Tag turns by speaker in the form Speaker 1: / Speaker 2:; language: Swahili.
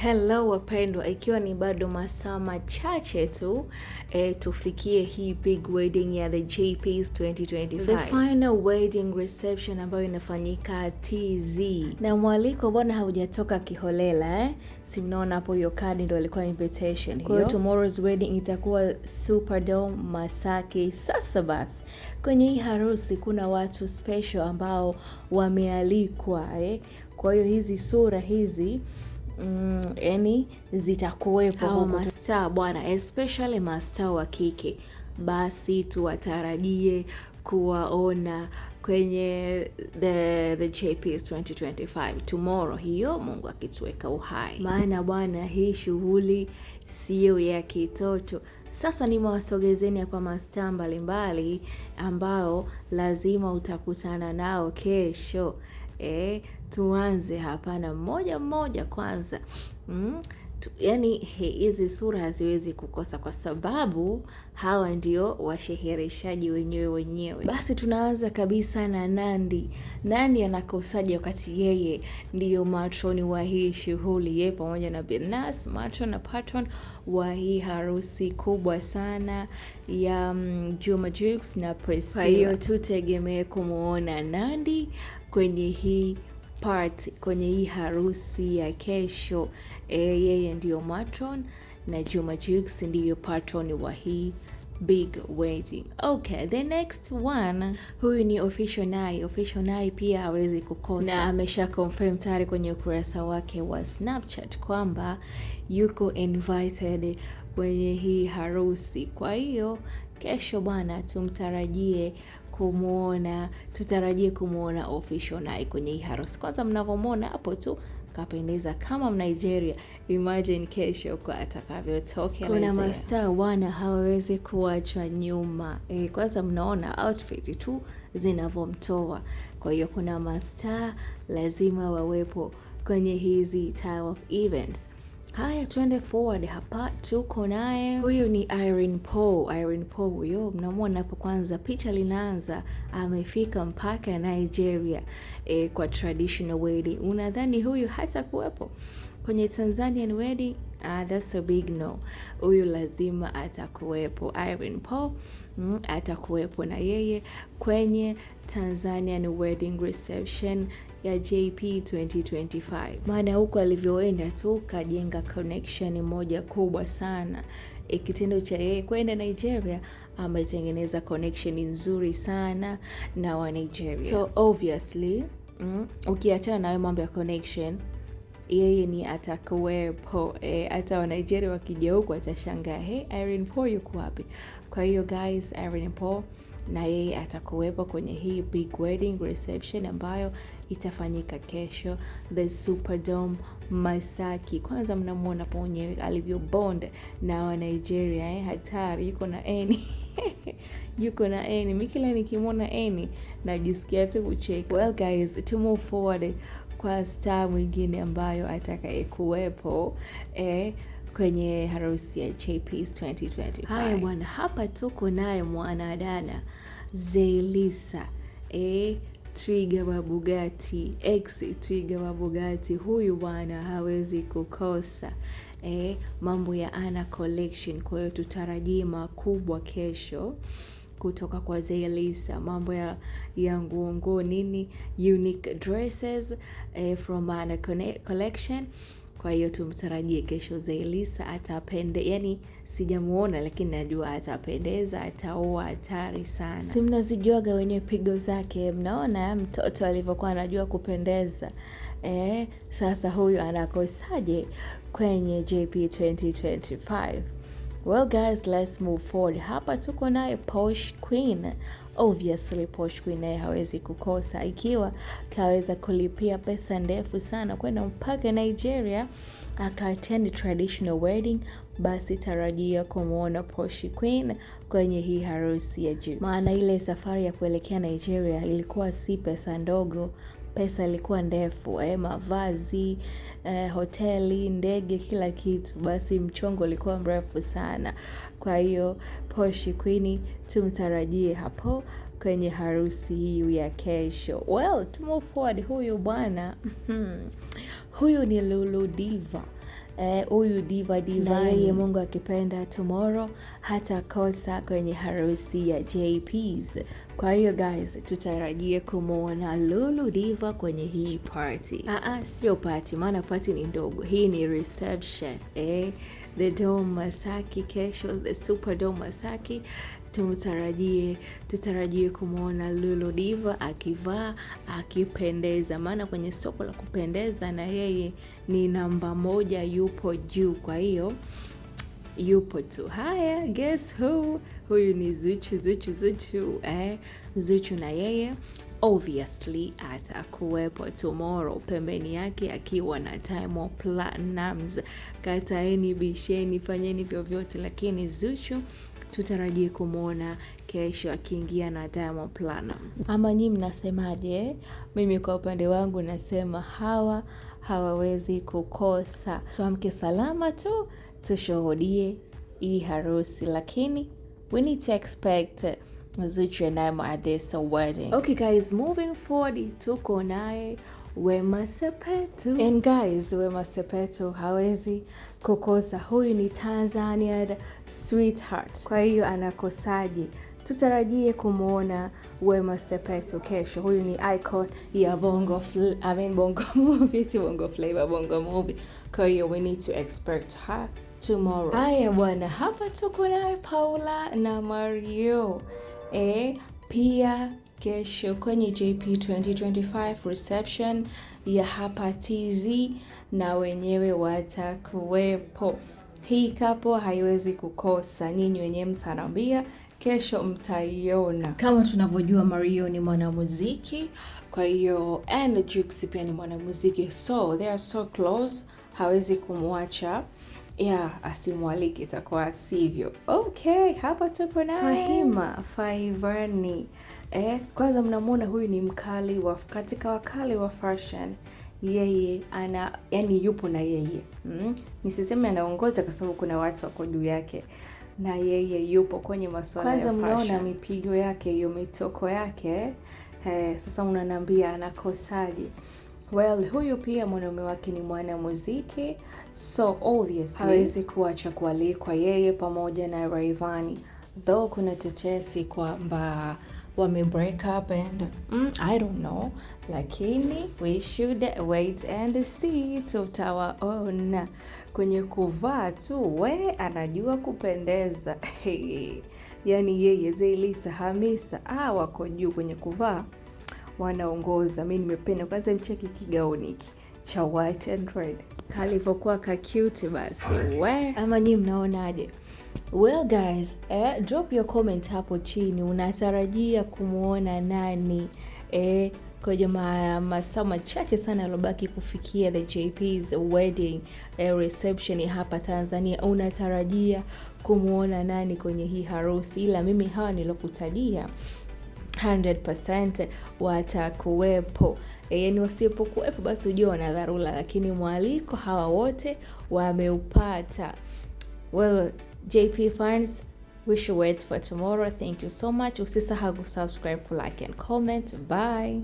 Speaker 1: Hello wapendwa, ikiwa ni bado masaa machache tu e, tufikie hii big wedding ya the JP's 2025. The
Speaker 2: final wedding reception ambayo inafanyika TZ,
Speaker 1: na mwaliko bwana haujatoka kiholela eh? Si mnaona hapo, hiyo kadi ndo ilikuwa invitation hiyo. Kwa hiyo
Speaker 2: tomorrow's wedding itakuwa Superdome Masaki. Sasa basi kwenye hii harusi kuna watu special ambao wamealikwa eh? Kwa hiyo hizi sura hizi mm, yani zitakuwepo
Speaker 1: mastaa bwana, especially mastaa wa kike, basi tuwatarajie kuwaona kwenye the, the JPS 2025 tomorrow hiyo, Mungu akituweka uhai,
Speaker 2: maana bwana, hii shughuli siyo ya kitoto. Sasa nimewasogezeni hapa mastaa mbalimbali ambao lazima utakutana nao kesho eh tuanze hapana, mmoja mmoja kwanza mm? yani hizi sura haziwezi kukosa kwa sababu hawa ndio washehereshaji wenyewe wenyewe. Basi tunaanza kabisa na Nandi. Nandi anakosaje wakati yeye ndiyo matroni wa hii shughuli, yeye pamoja na Bilnas, matron na patron wa hii harusi kubwa sana ya mm, Juma Jux na Priscilla. Kwa
Speaker 1: hiyo tutegemee kumwona Nandi kwenye hii part kwenye hii harusi ya kesho. E, yeye ndiyo matron na Juma Jux ndiyo patron wa hii big wedding.
Speaker 2: Okay, the next one,
Speaker 1: huyu ni official nai. Official nai pia hawezi kukosa,
Speaker 2: na amesha confirm tayari kwenye ukurasa wake wa Snapchat kwamba yuko invited kwenye hii harusi. Kwa hiyo kesho bwana, tumtarajie kumwona, tutarajie kumwona official naye kwenye hii harusi. Kwanza mnavyomwona hapo tu kapendeza kama Mnigeria. Imagine kesho kwa atakavyotokea.
Speaker 1: Kuna masta wana hawawezi kuachwa nyuma. E, kwanza mnaona outfit tu zinavyomtoa. Kwa hiyo kuna masta lazima wawepo kwenye hizi type of events. Haya, tuende forward hapa, tuko naye
Speaker 2: huyu ni Irene Paul. Irene Paul huyo mnamwona hapo, kwanza picha linaanza amefika mpaka Nigeria e, kwa traditional wedding. Unadhani huyu hata kuwepo kwenye Tanzanian wedding? Ah, that's a big no. Huyu lazima atakuwepo. Irene Paul mm, atakuwepo na yeye kwenye Tanzanian wedding reception ya JP 2025. Maana huko alivyoenda tu kajenga connection moja kubwa sana. E, kitendo cha yeye kwenda Nigeria ametengeneza connection nzuri sana na wa Nigeria.
Speaker 1: So obviously mm, ukiachana na hayo mambo ya connection yeye ni atakuwepo e, hata e, Wanigeria wakija huku atashangaa, hey, Irene Paul yuko wapi? Kwa hiyo guys, Irene Paul na yeye atakuwepo kwenye hii big wedding reception ambayo itafanyika kesho the Superdome Masaki. Kwanza mnamwona po mwenyewe alivyo bond na wanigeria eh, hatari yuko na eni yuko na eni. mi kila nikimwona eni najisikia tu kucheki Well guys, to move forward kwa star mwingine ambayo atakayekuwepo eh, kwenye harusi ya JP's 2025.
Speaker 2: Haya bwana, hapa tuko naye mwanadada Zailisa eh Twiga wa Bugatti, ex Twiga wa Bugatti, huyu bwana hawezi kukosa eh, mambo ya Ana Collection. Kwa hiyo tutarajie makubwa kesho kutoka kwa Zaiylissa, mambo ya ya nguonguo nini, unique dresses eh, from Ana Collection. Kwa hiyo tumtarajie kesho Zaiylissa atapende, yani sijamuona, lakini najua atapendeza, ataoa, hatari sana.
Speaker 1: Si mnazijuaga wenye pigo zake, mnaona mtoto alivyokuwa anajua kupendeza. E, sasa huyu anakosaje kwenye JP 2025? Well guys, let's move forward. Hapa tuko naye Posh Queen. Obviously Posh Queen naye hawezi kukosa, ikiwa kaweza kulipia pesa ndefu sana kwenda mpaka Nigeria akaattend traditional wedding basi tarajia kumwona Poshy Queen kwenye hii harusi ya juu, maana ile safari ya kuelekea Nigeria ilikuwa si pesa ndogo. Pesa ilikuwa ndefu eh, mavazi eh, hoteli, ndege, kila kitu. Basi mchongo ulikuwa mrefu sana. Kwa hiyo Poshy Queen tumtarajie hapo kwenye harusi hii ya kesho. Well, to move forward, huyu bwana hmm, huyu ni Lulu Diva. Eh, huyu eh, diva diva
Speaker 2: yeye Mungu akipenda tomorrow kosa kwenye harusi ya JP's. Kwa hiyo guys, tutarajie kumwona Lulu Diva kwenye hii party. Aa, ah, ah, sio party, maana party ni ndogo. Hii ni reception eh, the Dome Masaki kesho, the Dome Masaki Tumtarajie, tutarajie kumwona Lulu Diva akivaa akipendeza, maana kwenye soko la kupendeza na yeye ni namba moja, yupo juu. Kwa hiyo yupo tu. Haya, guess who? Huyu ni Zuchu, Zuchu, Zuchu eh, Zuchu na yeye obviously atakuwepo tomorrow, pembeni yake akiwa na Diamond Platnumz. Kataeni, bisheni, fanyeni vyovyote, lakini Zuchu tutarajie kumwona kesho akiingia na Diamond Platnumz.
Speaker 1: Ama nyinyi mnasemaje? Mimi kwa upande wangu nasema hawa hawawezi kukosa. Tuamke salama tu tushuhudie hii harusi, lakini we need to expect Zuchu and at this wedding.
Speaker 2: Okay guys, moving forward tuko naye Wema Sepetu.
Speaker 1: And guys, Wema Sepetu hawezi kukosa. Huyu ni Tanzania sweetheart, kwa hiyo anakosaje? Tutarajie kumwona Wema Sepetu kesho. Huyu ni icon ya bongo I mean bongo movie, si bongo flavor, bongo movie. Kwa hiyo we need to expect her tomorrow.
Speaker 2: Haya bwana, hapa tuko naye Paula na Mario eh, pia kesho kwenye JP 2025 reception ya hapa TZ na wenyewe watakuwepo. Hii kapo haiwezi kukosa, nyinyi wenyewe mtaniambia, kesho mtaiona.
Speaker 1: Kama tunavyojua Mario ni mwanamuziki, kwa hiyo and Jux pia ni mwanamuziki, so they are so close, hawezi kumwacha ya asimwalike itakuwa sivyo. Okay, hapa tuko
Speaker 2: naye Fahima Faivani Eh, kwanza mnamwona huyu ni mkali wa katika wakali wa fashion yeye ana yani yupo na yeye mm. Nisiseme anaongoza kwa sababu kuna watu wako juu yake, na yeye yupo kwenye masuala ya fashion. Kwanza mnaona
Speaker 1: mipigo yake hiyo mitoko yake eh, sasa unanambia anakosaje? Well, huyu pia mwanaume wake ni mwanamuziki so obviously
Speaker 2: hawezi kuacha kualikwa yeye pamoja na Rayvanny though kuna tetesi kwamba wame break up and mm, I don't know, lakini we should wait and see, tutawaona kwenye kuvaa tu, we anajua kupendeza hey. Yani yeye Zailisa Hamisa ah, wako juu kwenye kuvaa, wanaongoza. Mi nimependa kwanza, mcheki kigauni hiki cha white and red
Speaker 1: kalivyokuwa ka cute basi, we
Speaker 2: ama nyii mnaonaje? Well guys, eh, drop your comment hapo chini, unatarajia kumwona nani eh, kwa masaa machache sana yalobaki kufikia the JP's wedding eh, reception hapa Tanzania, unatarajia kumwona nani kwenye hii harusi? Ila mimi hawa nilokutajia 100% watakuwepo. Eh, yaani, wasipokuwepo basi ujue wana dharura, lakini mwaliko hawa wote wameupata Well, JP fans, we should wait for tomorrow. Thank you so much. Usisahau kusubscribe, kulike and comment. Bye.